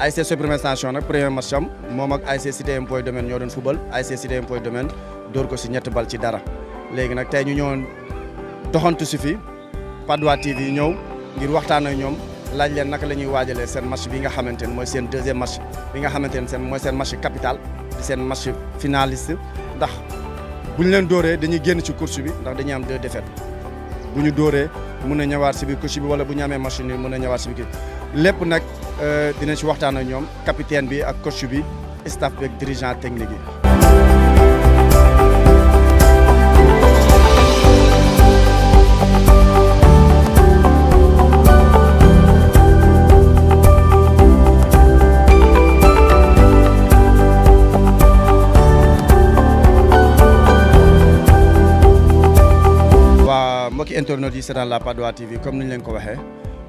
ASC Suprême Station nag premier match am moom ak ASC Cité Impôts Domaine ñoo doon football ASC Cité Impôts Domaine dóor ko si ñett bal ci dara léegi nag tey ñu ñëwoon doxantu si fi Patte d'Oie TV ñëw ngir waxtaan ak ñoom laaj leen naka la ñuy waajalee seen match bi nga xamante ne mooy seen deuxième match bi nga xamante ne seen mooy seen match capital di seen match finaliste ndax bu ñu leen dóoree dañuy génn ci course bi ndax dañuy am deux défaites bu ñu dóoree mun a ñëwaat si biir course bi wala bu ñu amee match nii a ñëwaat si biir lépp nag Euh, dina ci waxtaan ñoom capitaine bi ak coach bi staff bi dirigeant technique yi. mbokki internautes yi seetaan la Patte d'Oie TV comme ni ñu leen ko waxee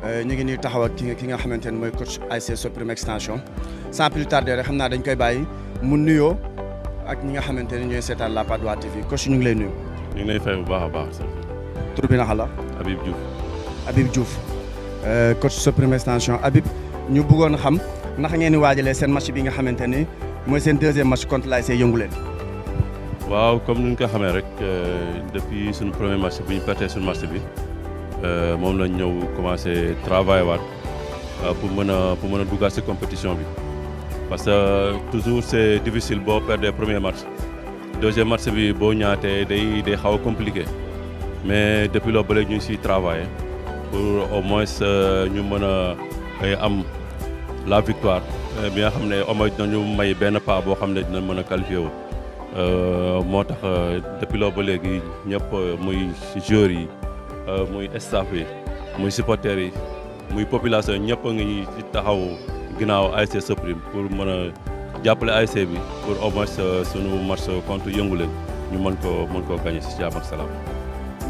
Euh, ñu ngi nii taxaw ak ki nga xamante ne mooy coach ASC Soprim extension sans plus tarder xam naa dañ koy bàyyi mu nuyoo ak ñi nga xamante ne ñooy seetaan La Padoua TV coach ñu ngi lay nuyu. ñu ngi lay bu baax a baax. tur bi naka la. Habib Diouf. Habib Diouf euh, coach Soprim ñu bëggoon xam ndax ngeen di waajalee seen match bi nga xamante ni mooy seen deuxième match contre l'ASC Yënguleen. waaw comme ni ñu ko xamee rek euh, depuis suñu premier match bi ñu suñu match bi. Euh, moom la ñëw commencé travailler euh, pour mën a pour mën a cette si compétition bi parce que toujours c'est difficile boo perdre premier match deuxième match bi boo ñaatee day day xaw a compliqué mais depuis loolu ba léegi ñu ngi siy travailler pour au moins euh, ñu mën a am la victoire bi nga xam ne au moins dinañu may benn pas boo xam ne dina mën a qualifier wu moo tax depuis loolu ba léegi ñëpp muy joueurs yi Euh, muy staff yi muy supporters yi muy population ñëpp a ngi ci taxaw ginnaaw ASC pour mën a jàppale ASC bi pour au moins euh, sunu match contre Yeungu Leen ñu mën ko mën koo gagné si jàmm salaam.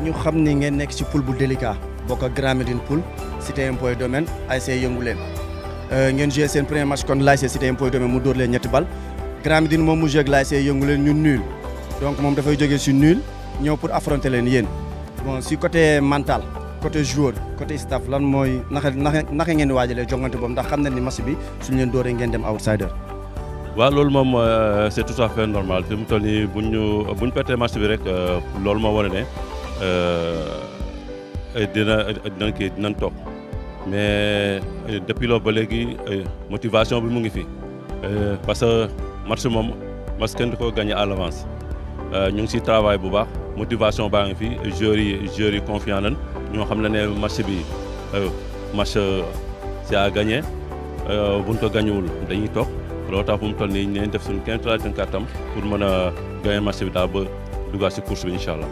ñu xam ni ngeen nekk si poule bu délicat bokk ak Grand Médine poule Cité Impôts et Domaines ASC Leen euh, ngeen joué seen premier match contre l'ASC Cité Impôts et Domaines mu dóor leen ñetti bal Grand Médine moom mu joué ak l'ASC Yeungu Leen ñu nul donc moom dafay jógee si nul ñëw pour affronter leen yéen. bon si côté mantal côté joueur côté staff lan mooy naka naka ngeen di waajalee jongante boobu ndax xam na ni match bi suñu leen dooree ngeen dem outsider. waaw loolu moom euh, c'est tout à fait normal fi mu toll nii bu ñu bu ñu pertee match bi rek euh, loolu moo wane ne euh, dina dinañ kii dinañ toog mais depuis loolu ba léegi motivation bi mu ngi fi parce que match moom match kenn du ko gagné à l'avance ñu ngi siy travail bu baax. motivation baa ngi fi joueurs yi confiant lan ñoo xam ne ne match bi euh, match euh, ci a gagner euh, buñ ko gañuwul dañuy toog lo tax fu mu toll nii ñu def suñu quinze trente cinq pour mën gagner match bi da ba duggaat ci course bi incha allah.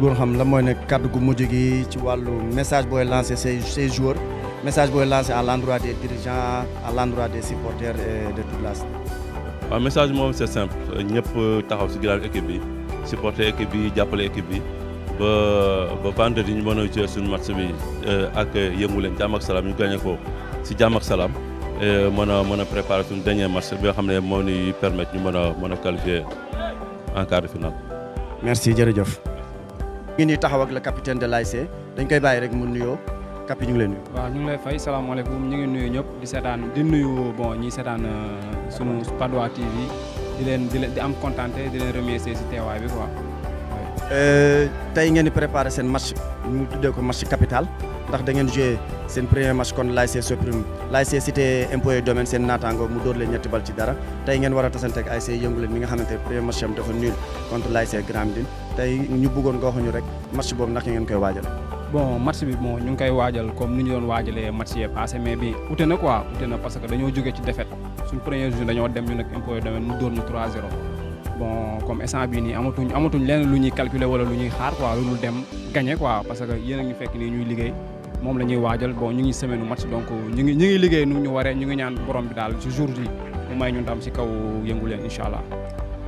loolu xam la moy nek kàddu gu mujj gi ci walu message boy lancé ces say joueurs message boy lancé à l'endroit des dirigeants à l'endroit des supporters et de toute la. waaw message moom c'est simple ñep taxaw si grave équipe bi. supporter équipe bi jàppale équipe bi ba ba di ñu mën a jouer suñu match bi euh, ak yëngu leen jàmm ak salaam ñu gagné ko si jàmm ak salaam euh, mën a mën a préparer suñu dernier match bi xam ne moo ñuy permettre ñu mën a mën a qualifier en quart de finale. merci jërëjëf. ñu ngi nii taxaw ak le capitaine de l'ASC dañ koy bàyyi rek mu nuyoo kapi ñu leen lay nuyu. waaw ñu ngi lay fay salaamaaleykum ñu ngi nuyu ñëpp di seetaan di nuyu bon ñi seetaan euh, sunu Patte d'Oie TV. di leen di leen am contenté di leen remercier si teewaay bi quoi. Euh, tey ngeen di préparer seen match mu tuddee ko match capital ndax da ngeen joué seen premier match kon l'ASC Soprim l'ASC Cité Impôts et Domaines seen naataango mu dóor leen ñetti bal ci dara tey ngeen war a tasante ak ASC leen mi nga xamante ne premier match am dafa nul contre l'ASC Grand Médine tey ñu bëggoon nga waxuñu rek match boobu naka ngeen koy waajal. bon match bi moo ñu ngi ko waajal comme ni ñu doon waajalee match yee passé mais bi que dañoo jóge ci défaite suñ premier jour dañoo dem ñu nekk impôt et domaine mu ñu 3-0 bon comme instant bii nii amatuñ lu ñuy calculer wala lu ñuy xaar quoi lu dem gagné quoi parce que yéen a ngi fekk nii ñuy liggéey moom la ñuy waajal bon ñu ngi semaine match donc ñu ngi ñu liggéey nu ñu waree ñu ngi ñaan borom bi daal ci jour bi mu may ñu ndam ci kaw yëngu leen incha allah.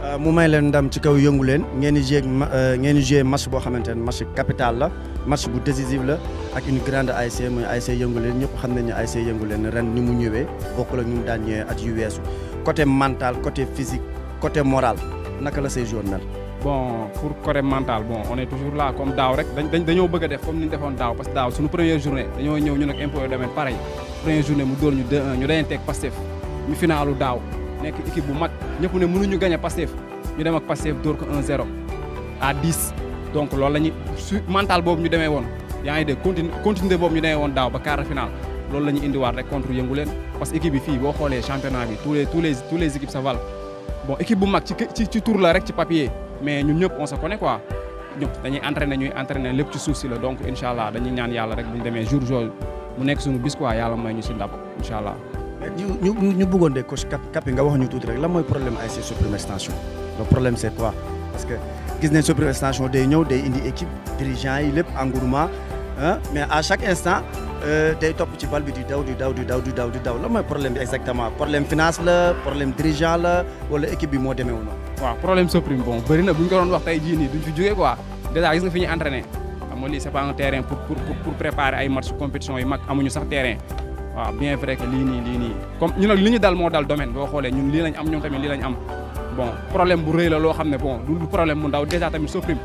Euh, mu may leen dam ci kaw yëngu leen ngeen di jéeg euh, ngeen di joué match boo xamante ne match capital la. match bu décisif la ak une grande ASC mooy ASC yëngu leen ñëpp xam ne ASC yëngu leen ren ni mu ñëwee bokkul ak ñu mu daan ñëwee at yu weesu côté mental côté physique côté moral naka la say jour mel. bon pour côté mental bon on est toujours là comme daaw rek dañ dañoo bëgg a def comme ni ñu defoon daaw parce daaw suñu première journée dañoo ñëw ñu nag impôt domaine pareil première journée mu dóor ñu 2-1 ñu dañee teg Pastef ñu finaalu daaw nekk équipe bu mag ñëpp ne à 10. donc loolu la ñu mental boobu ñu demee woon yaa ngi dégg continu continuer boobu ñu demee woon daaw ba quart final finale loolu la ñu indiwaat rek contre yëngu leen parce que équipe bi fii boo xoolee championnat bi tous les tous les tous les équipes ça valent bon équipe bu mag ci ci tour la rek ci papier mais ñun ñëpp on se connaît quoi ñëpp dañuy entraîner ñuy entraîner lépp ci suuf si la donc incha allah dañuy ñaan yàlla rek bu ñu demee jour jour mu nekk suñu bis quoi yàlla may ñu si ndam incha allah. ñu ñu ñu bëggoon de coach Cap yi nga wax ñu tuuti rek lan mooy problème ASC Super station. le problème c'est quoi parce que gis nañ sous-préfecture day ñëw day indi équipe dirigeant yi lépp engouement hein mais à chaque instant euh, day top ci bal bi di daw di daw di daw di daw di daw la mooy problème exactement problème finance la problème dirigeant la wala équipe bi mo demeewu noonu. waaw problème Soprim bon bari na buñ ko doon wax tay ji ni duñ ci jógee quoi déjà gis nga fi ñuy entraîné xam nga lii c'est pas un terrain pour pour pour préparer ay match compétition yu mag amuñu sax terrain. wa bien vrai que li ni lii nii comme ñu nag li ñu dal mo dal domaine bo xolé ñun li lañ am ñoom tamit li lañ am bon problème bu reuy la lo xamné ne bon du problème mu ndaw déjà tamit Sofrim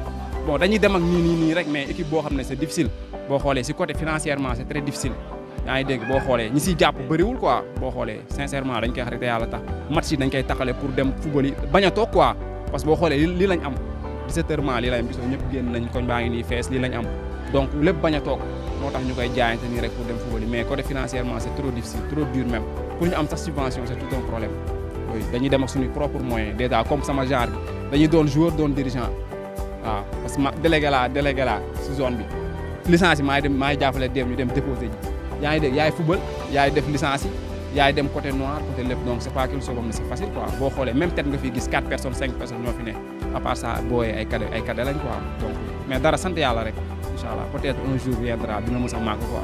bon dañuy dem ak ni, ni, ni, rek mais équipe bo xamné c'est difficile bo xolé ci côté financièrement c'est très difficile yaa dégg bo xolé ñi siy jàpp bëriwul quoi bo xolé sincèrement dañ koy xarit yalla tax match yi dañ koy taxale pour dem football yi baña tok quoi parce que xolé li lañ am 17h li lañ am gisoo ñëpp génn nañ koñ baa ni fess li lañ am donc lepp baña tok motax ñukay jaayante rek pour dem football yi mais côté financièrement c'est trop difficile trop dur même pour ñu am sax subvention c'est tout un problème oui dañuy dem ak suñu propre moyen déjà comme sama genre bi dañuy doon joueur doon dirigeant waaw parce que ma délégué laa délégué laa si zone bi licence yi maay dem maay jàppale dem ñu dem déposé ji yaa ngi dégg yaay football yaay def licence yi yaay dem côté noir côté lépp donc c' est pas quelque chose comme ne c' est facile quoi boo xoolee même tête nga fi gis 4 personnes 5 personnes ñoo fi ne à part ça booyee ay cadet ay cadet lañ quoi donc mais dara sant yàlla rek incha allah peut être un jour viendra dina mos a màgg quoi.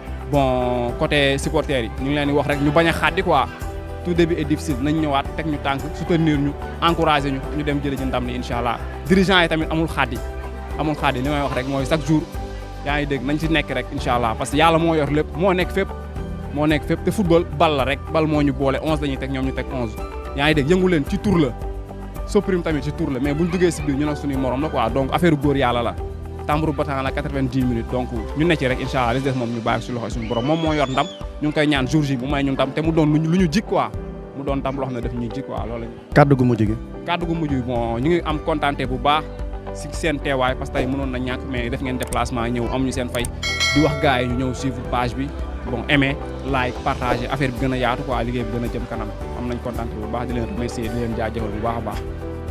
bon côté supporters yi ñu ngi leen di wax rek ñu bañ a xàddi quoi tout début est difficile nañ ñëwaat teg ñu tànk soutenir ñu encouragé ñu ñu dem jëlee ji ndam ni incha allah dirigeant yi tamit amul xàddi amul xàddi li may wax rek mooy chaque jour yaa ngi dégg nañ ci nekk rek incha allah parce que yàlla moo yor lépp moo nekk fépp moo nekk fépp te football bal la rek bal moo ñu boole 11 la ñuy teg ñoom ñu teg 11 yaa dégg yëngu leen ci tur la Soprim tamit ci tur la mais buñ duggee si biir ñu ne suñuy Tambour Batang la 90 minutes donc ñu ne ci rek incha allah li des moom ñu bàyyi si loxo suñu borom moom moo yor ndam ñu ngi koy ñaan jour ji bu may ñu ndam te mu doon lu ñu jik quoi mu doon ndam loo xam ne daf ñuy jik loolu lañu. ñu am kontaante bu baax si seen teewaay parce que tey mënoon na ñàkk mais def ngeen déplacement ñëw am ñu seen fay di wax gars yi ñu ñëw suivre page bi bon aimer like partager affaire bi gën a yaatu quoi liggéey bi gën a jëm kanam am nañ kontaante bu baax di leen remercier di leen baax baax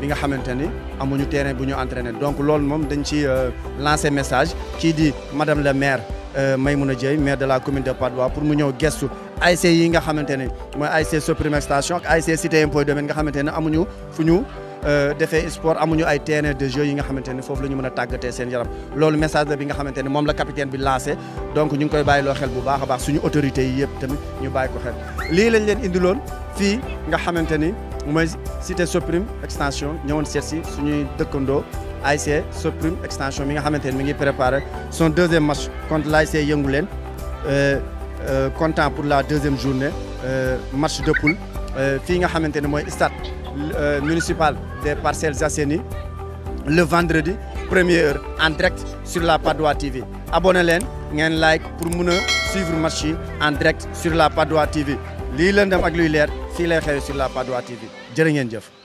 bi nga xamanteni amuñu terrain buñu ñu entraîner donc lool mom dañ ci euh, lancer message qui di madame la maire euh, Maymouna Dieye maire de la commune de Patte pour mu ñëw gestu ASC yi nga xamanteni moy mooy ASC Station ak ASC Cité Impôts domaine nga xamanteni amuñu fuñu euh défé sport amuñu ay terrain de jeu yi nga xamanteni fofu lañu mëna tagaté seen yaram lool message bi nga xamanteni mom la capitaine bi lancé donc ñu ngi koy bayilo xel bu baaxa baax suñu autorité yi yépp tamit ñu bayiko xel li lañ leen indiloon fi nga xamanteni mu cité supreme extension ñewon sommes Ici suñuy AIC, extension mi nga xamantene mi ngi préparé son deuxième match contre l'ASC euh, euh content pour la deuxième journée euh, match de poule Nous euh, nga xamantene moy stade municipal des Parcelles Assainies le vendredi première heure en direct sur la Padoa TV Abonnez-vous, ngeen like pour mun suivre match en direct sur la Padoa TV li lendem ak luy fii lay xewee sur la Patte d'Oie TV ngeen jëf